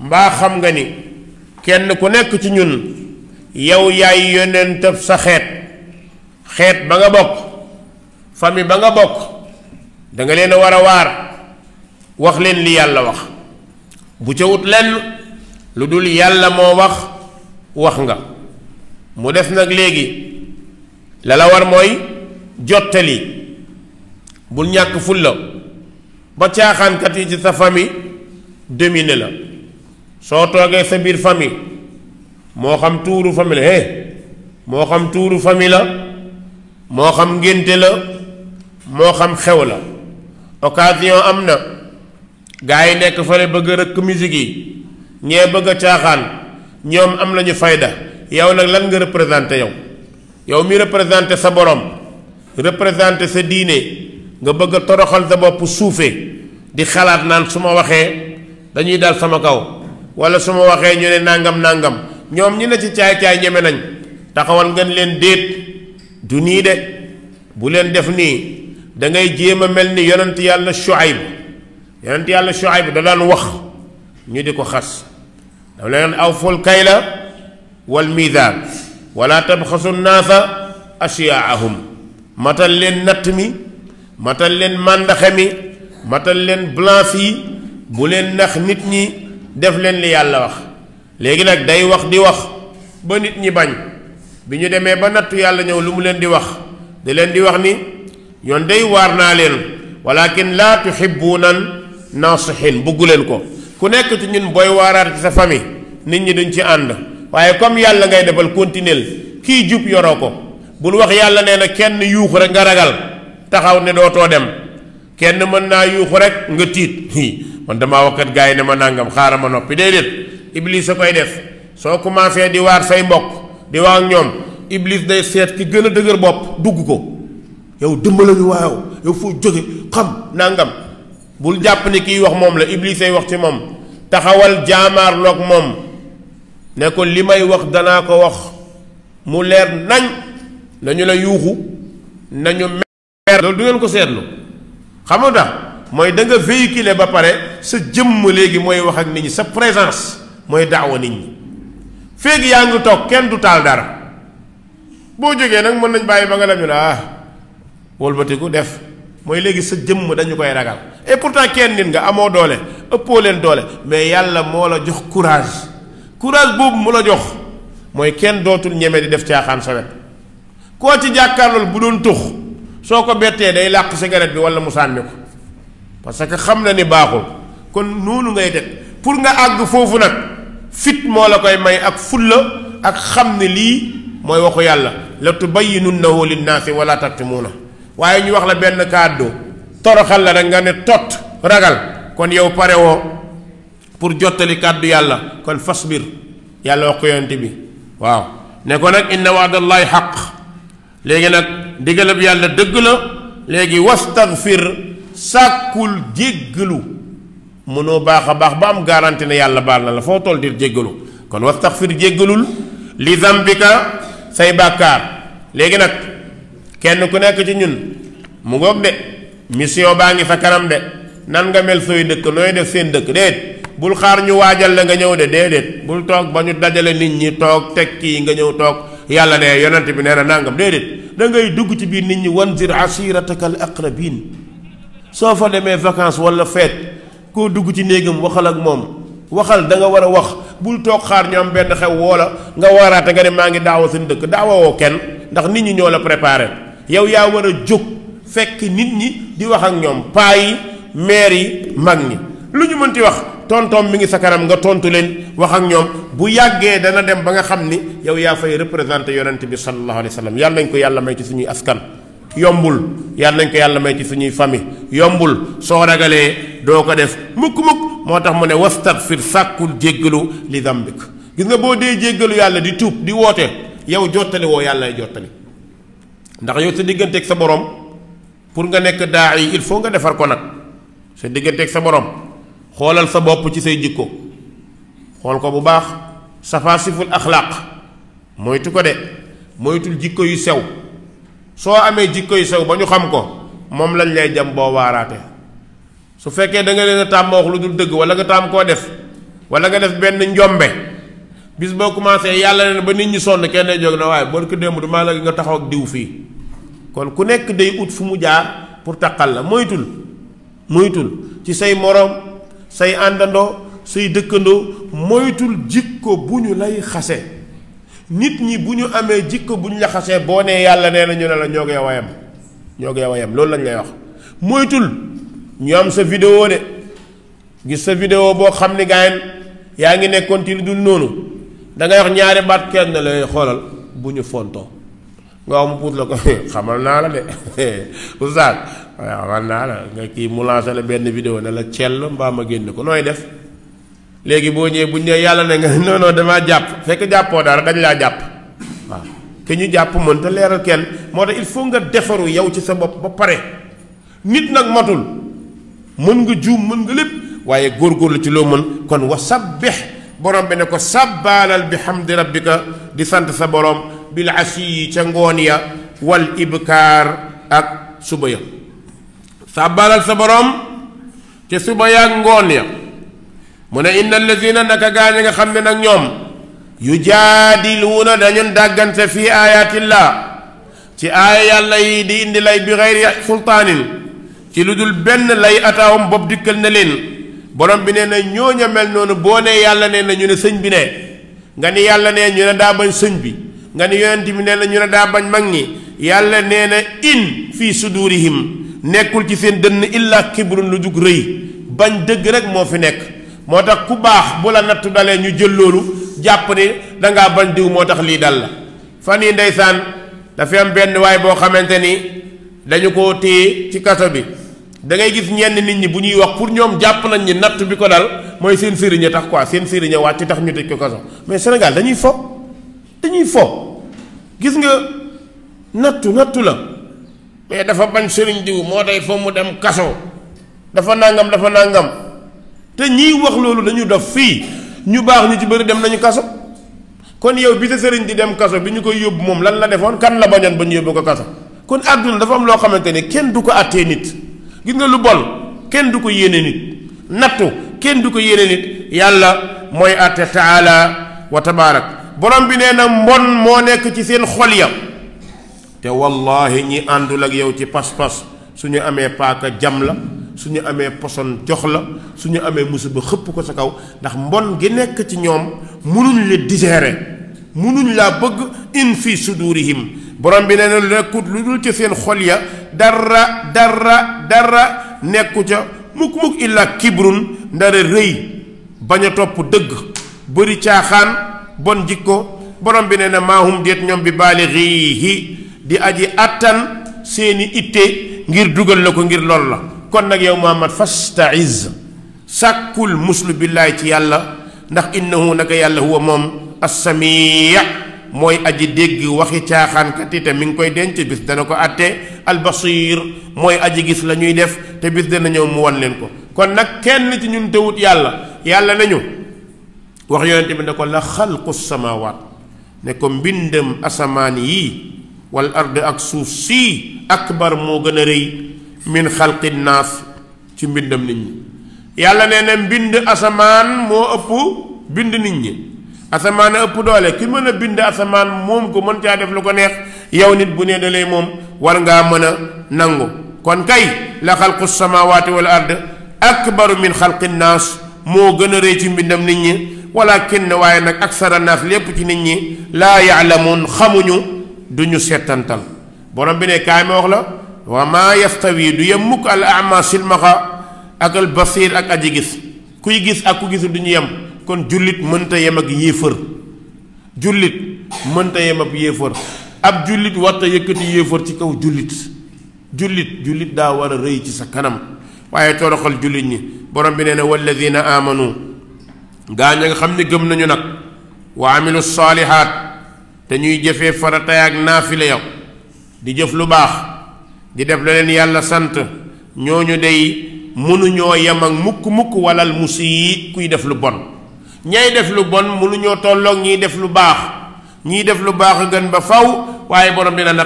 mbaa xam nga ni kenn ku nekk ci ñun yow yaay yonentab sa xeet xeet ba nga bokk famille ba nga bokk danga leen a war a waar wax leen li yàlla wax bu ca wut lenn lu dul yàlla moo wax wax nga mu def nag léegi la la war mooy jottali bul ñàkk fulla ba caaxaankat yi ci sa famille domine la soo toogee sa biir famille moo xam tuuru famille la eh moo xam tuuru famille la moo xam ngénte la moo xam xew la occasion am na gaa yi nekk fële bëgg a rëkk musique yi ñee bëgg caaxaan ñoom am lañu fayda yow nag lan nga représenté yow yow mi représenter sa borom représenter sa diine nga bëgg toroxal sa bopp suufe di xalaat naan suma waxé dañuy dal sama kaw wala suma waxé ñu ne nàngam nàngam ñom ñi na ci caay-caay ñeme nañ taxawal ngeen leen déet du ni de bu leen def ni da ngay jema melni yonent yàlla Shuayb yonent yàlla Shuayb da lan wax ñu diko xass da dama aw ful kayla wal mizan wala tabxasu naasa asiyaahum matal leen natt mi matal leen màndaxe mi matal leen blanche yi bu leen nax nit ñi def leen li yàlla wax léegi nag day wax di wax ba nit ñi bañ bi ñu demee ba nattu yàlla ñëw lu mu leen di wax di leen di wax ni yoon day waar naa leen walakin laa tuhibbuuna naasihin buggu leen ko ku nekk ci ñun booy waaraat ci sa famille nit ñi duñ ci ànd waaye comme yàlla ngay defal continuel kii jub yoroo ko bul wax yàlla nee na kenn yuuxu rek nga ragal taxaw ne dootoo dem kenn mën naa yuuxu rek nga tiit man dama waxkat gaa yi ne ma nangam xaaral ma noppi day déedéet iblis sa koy def soo commencé di waar say mbokk di waa ak ñoom iblis day seet ki gën a dëgër bopp dugg ko yow dëmbala ñu waaw yow foo jóge xam nangam bul jàpp ni kiy wax moom la iblis ay wax ci moom taxawal jaamaarloog moom ne ko li may wax danaa ko wax mu leer nañ nañu la yuuxu nañu mer loolu du ngeen ko seetlu xam nga tax mooy danga nga véhiculer ba pare sa jëmm léegi mooy wax ak nit ñi sa présence mooy daawa nit ñi feeg yaa ngi toog kenn du taal dara boo jógee nag mën nañ bàyyi ba nga dem ñu ne ah def mooy léegi sa jëmm dañu koy ragal et pourtant kenn nit nga amoo doole ëppoo leen doole mais yàlla moo la jox courage courage boobu mu la jox mooy kenn dootul ñeme di def caaxaan sa wet koo ci jàkkaarlool bu doon tux soo ko bettee day làq cigarette bi wala mu sànni ko parce que xam na ni baaxul kon noonu ngay def pour nga ag fofu nak fit mo la koy may ak fulla ak xam ne lii mooy waxu yàlla la tubayyinunahu linnaasi wala taktumuna waye ñu wax la ben kàddu toroxal la nga ne tot ragal kon yow pare wo pour jotali kàddu yàlla kon fasbir yàlla wax ko yonent bi waaw ne ko nak inna waadallaahi haqq legi nak digelab yàlla deug la legi wastaghfir sakul jeglu mënoo baxa bax ba am garantie ne yàlla bal na la fo tol dir jeglu kon wastaghfir jeglul li zambika say bakar legi nak kenn ku nek ci ñun mu ngoog de mission baa ngi sa de nan nga mel soy dëkk noy def seen dëkk déet bul xaar ñu waajal la nga ñëw de déedéet bul toog ba ñu dajale nit ñi toog teg kii nga ñëw toog yàlla ne yonent bi nee na nangam déedéet da ngay dugg ci biir nit ñi wanzir asirataka al aqrabin soo fa demee vacance wala fête koo dugg ci néegam waxal ak moom waxal da nga war a wax bul toog xaar ñu am benn xew woo la nga waaraate nga ne maa ngi daawa seen dëkk daawawoo kenn ndax nit ñi ñoo la préparé yow yaa war a fekk nit ñi di wax ak ñoom paa yi yi mag ñi lu ñu mënti wax tontoom mi ngi sa kanam nga tontu leen wax ak ñoom bu yàggee dana dem ba nga xam ni yow yaa fay représenté yonent bi sallallahu alayhi wa sallam yàlla nañ ko yàlla may ci suñuy askan yombul yàlla nañ ko yàlla may ci suñuy famille yombul soo ragalee doo ko def mukk-mukk moo tax mu ne wastagfir sàkkul jéggalu li zambik gis nga boo dee jéggalu yàlla di tuub di woote yow jottali woo yàlla jottali ndax yow sa digganteeg sa borom pour nga nekk daa yi il faut nga defar ko nag sa digganteeg sa borom xoolal sa bopp ci say jikko xool ko bu baax safaasiful axlaaq moytu ko de moytul jikko yu sew soo amee jikko yu sew ba ñu xam ko moom lañ lay jam boo waaraate su fekkee da nga leen a tàmm wax lu dul dëgg wala nga tàmm koo def wala nga def benn njombe bis boo commencé yàlla ne ba nit ñi sonn kenn day jóg na waaye boo ko démb du maa la nga taxaw ak diw fii kon ku nekk day ut fu mu jaar pour taqal la moytul moytul ci say moroom say àndandoo say dëkkandoo moytul jikko bu ñu lay xase nit ñi bu ñu amee jikko bu ñu la xasee boo nee yàlla nee na ñu ne la ñoo koy wayam ñoo koy wayam loolu lañ lay wax moytul ñu am sa vidéo de gis sa vidéo boo xam ne gaayen yaa ngi nekkoon ci lu dul noonu da wax ñaari baat kenn lay eh, xoolal bu ñu fontoo nga wax mu puut la ko xamal naa la de oustaz waaw xal naa la nga kii mu lancé la benn vidéo ne la cell mbaa ma génn ko looy def léegi boo ñëwee bu ñëwee yàlla ne nga non non damaa jàpp fekk jàppoo dara dañ laa jàpp waaw ñu jàpp mën te leeral kenn moo tax il faut nga defaru yow ci sa bopp ba pare nit nag matul mën nga juum mën nga lépp waaye góorgóorlu ci loo mën kon wa sabbih borom bi ne ko sabbaalal bi hamdi rabbika di sant sa borom bil asiyi ca ngoon ya wal ibkar ak suba ya. sàbbaalal sa boroom ca suba yaag ngoon ya mu ne inna allazina naka gaa ñi nga xam ne nag ñoom yu jaadiluuna dañu dàggante fii ayatillah ci aaya yàlla yi di indi lay bi xeyri sultaanin ci lu dul benn lay ataawam bopp dikkal na leen borom bi nee na ñooña mel noonu boo nee yàlla nee na ñu ne sëñ bi ne nga ni yàlla nee ñu ne daa bañ sëñ bi nga ni yonent bi nee ñu ne daa bañ mag ñi yàlla nee na in fii sudurihim nekkul ci seen dënn illa kibrun lu jug rëy bañ dëgg rek moo fi nekk moo tax ku baax bu la nattu dalee ñu jël loolu jàpp ni dangaa bañ diw moo tax lii dal la fan yi ndeysaan dafa am benn waay boo xamante ni dañu ko téye ci kaso bi dangay gis ñenn nit ñi bu ñuy wax pour ñoom jàpp nañ ni natt bi ko dal mooy seen sëriñ a tax quoi seen sëriñ a wàcc tax ñu tëj ko kaso mais Sénégal dañuy fo dañuy fo gis nga nattu nattu la mais dafa ban serigne diw mo day fo mu dem kaso dafa nangam dafa nangam te ñi wax lolu dañu dof fi ñu bax ñu ci bari dem nañu kaso kon yow bi te serigne di dem kaso bi ñu koy yob mom lan la defon kan la bañan bañu yob ko kaso kon aduna dafa am lo xamante kenn du ko àttee nit gis nga lu bol kenn du ko yéene nit natto kenn du ko yéene nit yalla moy àtte taala wa tabarak borom bi neena mbon mo nek ci seen xol ya te wallahi ñi àndul ak yow ci pas-pas ñu amee paaka jam la su ñu amee poson jox la suñu amee musiba xëpp ko sa kaw ndax mbon gi nekk ci ñoom munuñ la digérer munuñ laa bëgg in fi sudurihim borom bi nee na nekkut lu dul ci seen xol ya dara dara dara nekku ca mukk mukk illa kibrun ndara rëy bañ a topp dëgg bëri caaxaan bon jikko borom bi nee na maahum déet ñoom bi baalixiihi di aji attan seeni itte ngir dugal la ko ngir lool la kon nag yow Muhammad fastaiz sàkkul muslu billaay ci yàlla ndax inna innahu naka yàlla huwa moom assamia mooy aji dégg waxi caaxaankat yi te mi ngi koy denc bis dana ko àtte albasir mooy aji gis la ñuy def te bis dana ñëw mu wan leen ko kon nag kenn ci ñun tewut yàlla yàlla nañu wax yonente bi ne ko la xalqu samawaat ne ko mbindam asamaan yii wal ard ak suuf sii akbar moo gën a rëy min xalqi naas ci mbindam nit ñi yàlla nee na mbind asamaan moo ëpp bind nit ñi asamaan a ëpp doole ki mën a bind asamaan moom ko mën caa def lu ko neex yow nit bu ne dalee moom war ngaa mën a nangu kon kay la xalqu samawaati wal ard akbaru min xalqi naas moo gën a rëy ci mbindam nit ñi walakin waaye nag aksara naas lépp ci nit ñi laa yaalamuun xamuñu du ñu settantal borom bi ne kaay ma wax la wa maa yastawi du yem mukk al ama silmaxa ak al basir ak aji gis kuy gis ak ku gisul du ñu yem kon jullit mënta yem ak yéefër jullit mënta yem ak yéefër ab jullit warta yëkkati yéefër ci kaw jullit jullit jullit daa war a rëy ci sa kanam waaye toroxal jullit ñi borom bi nee na walladina amanu gaa nga xam ne gëm nañu nag wa amilu saalihaat te ñuy jëfee farata ak naafile yow ya di jëf lu baax di def la leen yàlla sant ñooñu day mënuñoo yem ak mukk mukk walal musii kuy def lu bon ñay def lu bon mënuñoo tolloog ñiy def lu baax ñiy def lu baax gën ba faw waaye borom dina na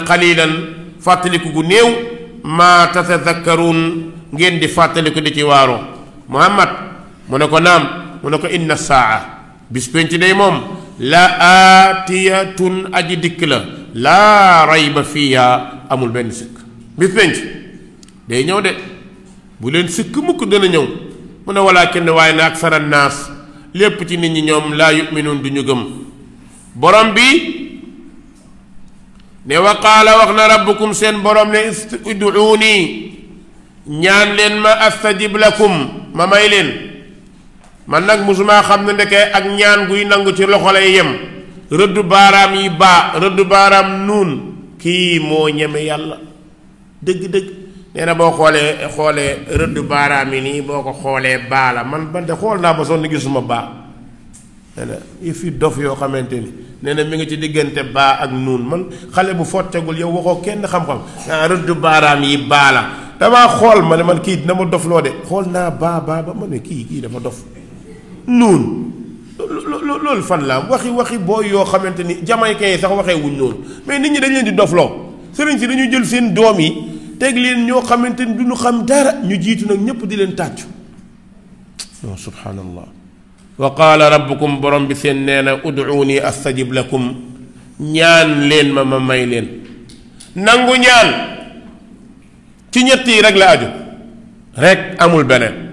fàttaliku gu néew ma tatadakkaruun ngeen di fàttaliku di ci muhammad mu ne ko naam mu ne ko inna saa bis penc day la aatiyatun aji dikk la laa rayba fiiha amul benn sikk bis penc day ñëw de bu leen sikk mukk dana ñëw mu ne walaa kenn waaye na ak saran naas lépp ci nit ñi ñoom laa yuminuun du ñu gëm borom bi ne wa wax na rabbukum seen borom ne ud'uuni ñaan leen ma astajib ma may leen man nag mosumaa xam ne ndeke ak ñaan guy nangu ci loxo lay yem rëdd baaraam yi baa rëdd baaraam nuun kii moo ñeme yàlla dëgg-dëgg nee na boo xoolee xoolee rëdd baaraam yi nii boo ko xoolee baa la man bante xool naa ba sonn gisuma baa nee na dof yoo xamante ni nee na mi ngi ci diggante baa ak nuun man xale bu fottegul yow waxoo kenn xam-xam naa ah, rëdd baaraam yi baa la damaa xool ma ne man kii dina ma dof loo de xool naa baa baa ba ma kii kii dafa dof noonu loolu fan la waxi waxi booy yoo xamante ni jamaïcain yi sax waxee wuñ noonu mais nit ñi dañ leen di dofloo sëriñ si dañu jël seen doom yi teg leen ñoo xamante ni duñu xam dara ñu jiitu nag ñëpp di leen tàccu non subhaanallah wa qaala rabbukum borom bi seen nee na ud'uuni astajib lakum ñaan leen ma ma may leen nangu ñaan ci ñett yi rek la aju rek amul beneen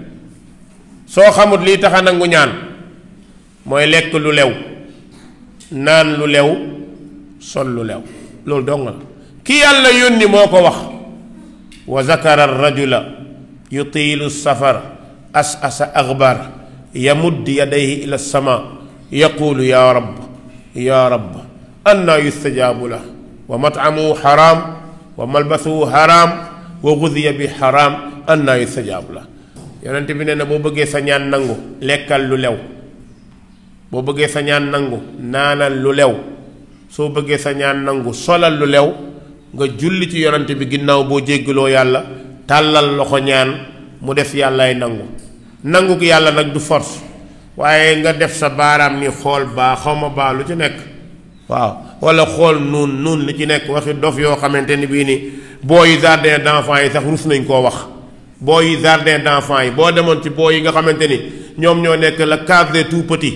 soo xamut li tax a nangu ñaan mooy lekk lu lew naan lu lew sol lu lew loolu dong la ki yàlla yónni moo ko wax wa zakara rajula yutilu safar as asa axbar yamudd yadayhi ila sama yaqulu ya rab ya rab anna yustajaabu la wa matamu haram wa malbasu xaraam wa gudiya bi xaraam anna yustajaabu yonent bi nee na boo bëggee sa ñaan nangu lekkal lu lew boo bëggee sa ñaan nangu naanal lu lew soo bëggee sa ñaan nangu solal lu lew nga julli ci yonent bi ginnaaw boo jéggaloo yàlla tàllal loxo ñaan mu def yàlla ay nangu nangu gi yàlla nag du force waaye nga def sa baaraam ni xool baa ma baax lu ci nekk waaw walla xool nuun nuun lu ci nekk waxi dof yoo xamante ni bii ni booy jardin d'enfants yi sax rus nañ koo wax boy jardin d'enfants yi bo demone ci boy yi nga xamanteni ñom ñoo nek le cadre des tout petits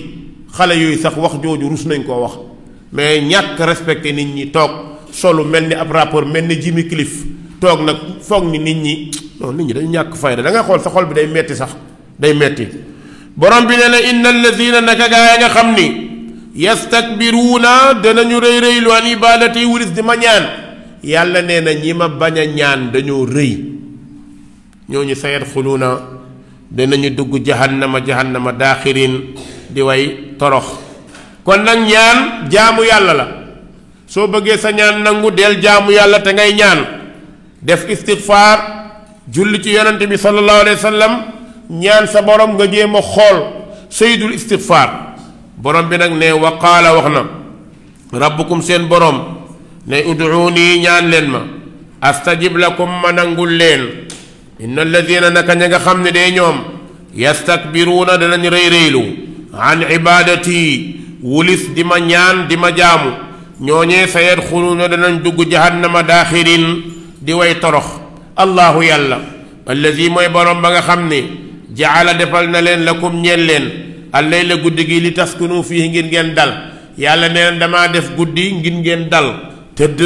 xale yooyu sax wax joju rus nañ ko wax mais ñak respecté nit ñi tok solo melni ab rapport melni ni Jimmy Cliff toog nag foog ni nit ñi non nit ñi dañ ñak fayda da nga xol sa xol bi day metti sax day metti borom bi leena innal ladhina alladina naka gaa nga xamni yastakbiruna yastakbiruuna danañu reey reey lu ani balati wuris di ma ñaan yàlla neena ñima baña ñaan dañu reey ñooñu sayadxuluuna danañu dugg jahannama jahannama daaxirin di way torox kon nag ñaan jaamu yàlla la soo bëggee sa ñaan nangu del jaamu yàlla te ngay ñaan def istighfar julli ci yonante bi sallallahu alayhi wasallam ñaan sa borom nga jéem a xool istighfar borom bi nag ne wa qaala wax na rabbukum seen borom ne uduuni ñaan leen ma astajib lakum ma nangul inna alladina naka ña nga xam ne de ñoom yastakbiruuna danañ rëy rëylu an ibadati wulis di ma ñaan di ma jaamu ñooñee sa yadxuluuna danañ dugg jahannama daaxirin di way torox allahu yàlla alladi mooy borom ba nga xam ne jaala defal na leen lakum ñeel leen allay la guddi gi li taskunu fii ngir ngeen dal yàlla nee na damaa def guddi ngir ngeen dal tëdd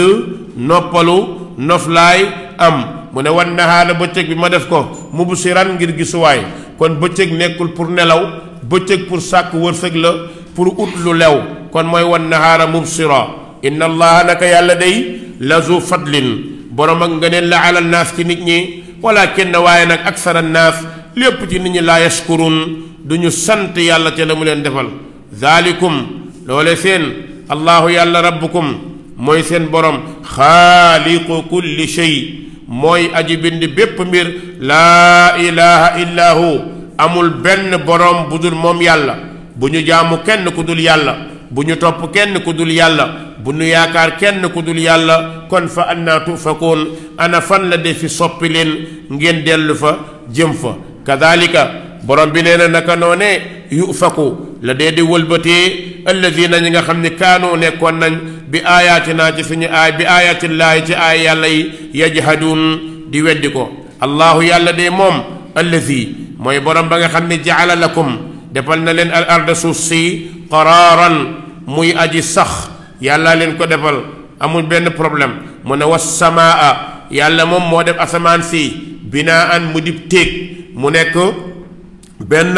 noppalu noflaay am mune wan na nahaara bëccëg bi ma def ko mubsiran ngir gisu way kon bëccëg nekkul pour nelaw bëccëg pour sàkk wërsëg la pour ut lu lew kon mooy wan na nahaara mubsira inna allaha naka yàlla day lazu fadlin borom ak ngëneel la ala naas ci nit ñi wala walakin waaye nag aksara naas lépp ci nit ñi laa yashkurun duñu sant yàlla te la mu leen defal zalikum loole seen allahu yàlla rabbukum mooy seen borom xaaliqu kulli shay mooy aji bind bépp mbir laa ilaha illa amul benn borom bu dul moom yàlla bu ñu jaamu kenn ku dul yàlla bu ñu topp kenn ku dul yàlla bu ñu yaakaar kenn ku dul yàlla kon fa annaa tufakoon ana fan la defi fi soppi leen ngeen dellu fa jëm fa kadalika borom bi nee na naka noonee yufaku la dee di wëlbatee alladina ñi nga xam ni kaanoo nekkoon nañ bi aayaatinaa ci suñu aay bi aayatillaahi ci aay yàlla yi yajhaduun di weddi ko allaahu yàlla de moom allazi mooy borom ba nga xam ne jaala lakum defal na leen al arda suuf si qaraaran muy aji sax yàlla leen ko defal amul benn problème mu ne was samaa yàlla moom moo def asamaan si binaan mu dib téeg mu nekk benn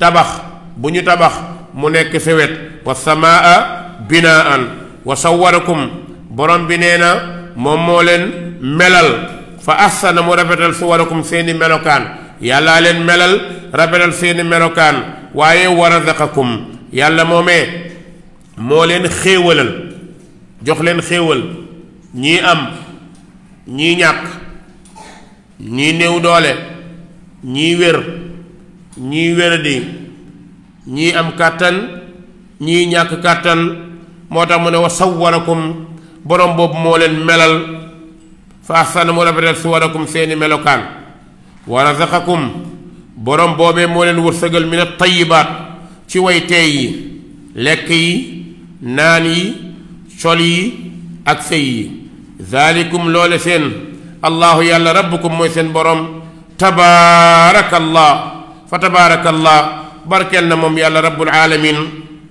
tabax bu ñu tabax mu nekk sa wet wa samaa binaan wa sawwarakum borom bi nee na moom moo leen melal fa ahsana mu rafetal suwarakum seeni melokaan yàllaa leen melal rafetal seeni melokaan waaye wa razaqakum yàlla moomee moo leen xéewalal jox leen xéewal ñii am ñii ñàkk ñii néew doole ñii wér ñii wéradi ñi am katan ñi ñak katan moo tax mu ne wa sawwarakum borom bob mo len melal fa mo la rafetal suwarakum seeni melokan wa razaqakum borom bobé mo len wursagal min at tayyibat ci way tay yi lek yi nan yi col yi ak sëy yi zalikum loole sen allah yàlla rabbukum moy sen borom tabaarakallah fa tabaarakallah barkel na moom yàlla rabbul alamin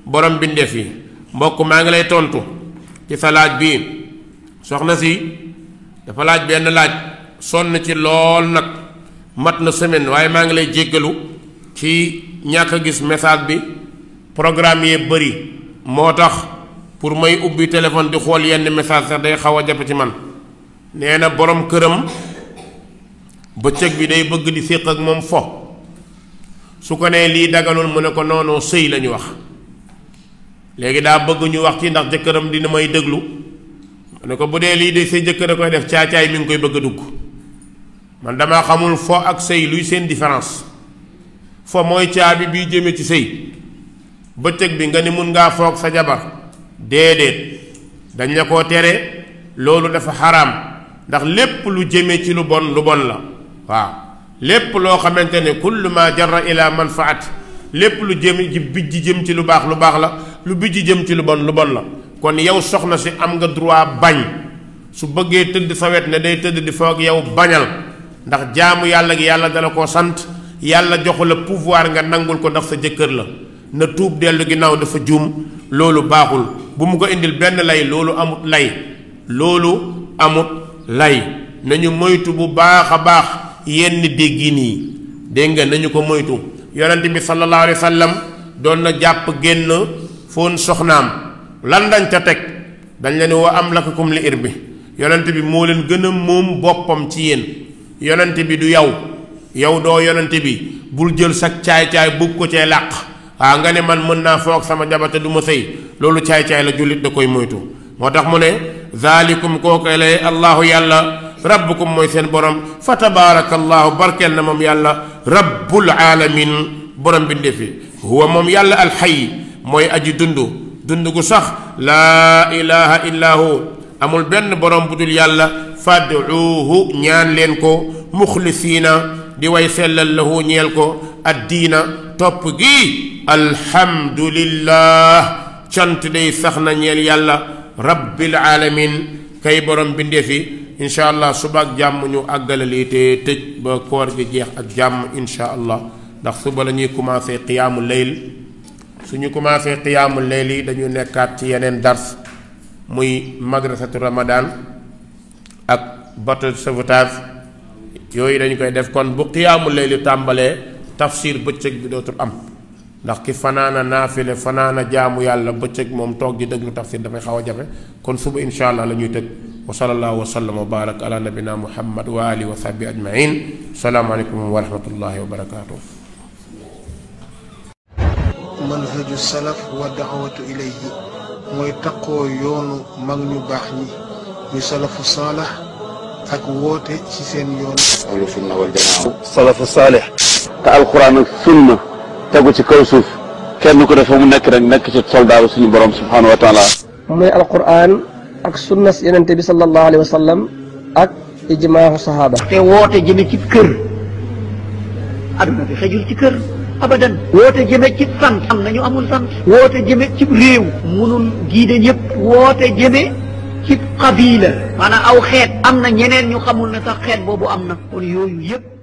borom bindeef yi mbokk maa ngi lay tontu ci sa laaj bii soxna si dafa laaj benn laaj sonn ci lool nag mat semaine waaye maa ngi lay jéggalu ci ñàkk gis message bi programme yee bëri moo tax pour may ubbi téléphone di xool yenn message sax day xaw a jafe ci man nee borom këram bëccëg bi day bëgg di séq ak moom fo su ko nee lii dagalul mu ne ko noonoo sëy la wax léegi daa bëgg ñu wax ci ndax jëkkëram dina may déglu mu ne ko bu dee lii de seen jëkkër a koy def caacaay mi nga koy bëgg a dugg man dama xamul fo ak sëy luy seen différence fo mooy caabi biy jëme ci sëy bëccëg bi nga ni mun ngaa foog sa jabar déedéet dañ la koo tere loolu dafa xaraam ndax lépp lu jëme ci lu bon lu bon la waaw lépp loo xamante ne kullu ma jarra ila manfaat lépp lu jëm ji bijj jëm ci lu baax lu baax la lu bijj jëm ci lu bon lu bon la kon yow soxna si am nga droit bañ su bëggee tëdd sa wet ne day tëdd di foog yow bañal ndax jaamu yàlla gi yàlla dala koo sant yàlla joxu la pouvoir nga nangul ko ndax sa jëkkër la na tuub dellu ginnaaw dafa juum loolu baaxul bu mu ko indil benn lay loolu amut lay loolu amut lay nañu moytu bu baax a baax yenn déggin yi dégg nga nañu ko moytu yonent bi sallallahu alayhi wa sallam doon na jàpp génn foon soxnaam lan dañ ca teg dañ leen wa am lakakum li ir bi yonent bi moo leen gën a moom boppam ci yéen yonent bi du yow yow doo yonent bi bul jël sag caay-caay bugg ko cee làq waa nga ne man mën naa foog sama jabar te du ma sëy loolu caay-caay la jullit da koy moytu moo tax mu ne zalikum koo allahu yàlla rabbukum mooy seen borom fa tabaarakallaahu barkeel na moom yàlla rabbul aalamin borom bi ndefi huwa moom yàlla alxay mooy aji dund dund gu sax laa ilaha illa hu amul benn borom bu dul yàlla fad'uuhu ñaan leen ko muxlisiina di way sellal lahu ñeel ko addiina topp gi alhamdulillah cant day sax na ñeel yàlla rabbil aalamin kay borom bi ndefi incha allah suba ak jàmm ñu àggale lii te tëj ba koor bi jeex ak jàmm incha allah ndax suba la ñuy commencé qiyaamu layl suñu commencé qiyaamu layl yi dañu nekkaat ci yeneen dars muy madrasatu ramadan ak bateau sauvetage yooyu dañu koy def kon bu qiyaamu layl tàmbalee tafsir bëccëg bi dootul am ndax ki fanaana naafile fanaana jaamu yàlla bëccëg moom toog di déglu tafsir dafay xaw a jafe kon suba incha allah la ñuy tëj وصلى الله وسلم وبارك على نبينا محمد وآله وصحبه أجمعين السلام عليكم ورحمة الله وبركاته منهج السلف ودعوة إليه ويتقو يون مغني باحني بسلف الصالح أكووت سيسين يون سلف الصالح تعال القرآن السنة تقول كوسوف كان نكره فمن نكره نكره سلداء سبحانه وتعالى من القرآن ak sunna yenente bi sallallahu alayhi wasallam ak ijma'u sahaba te wote jëme ci keur aduna fi xejul ci keur abadan wote jëme ci sant am nañu amul sant wote jëme ci rew munul giide ñep wote jëme ci qabila mana aw xet amna ñeneen ñu xamul na sax xet bobu amna kon yoyu yep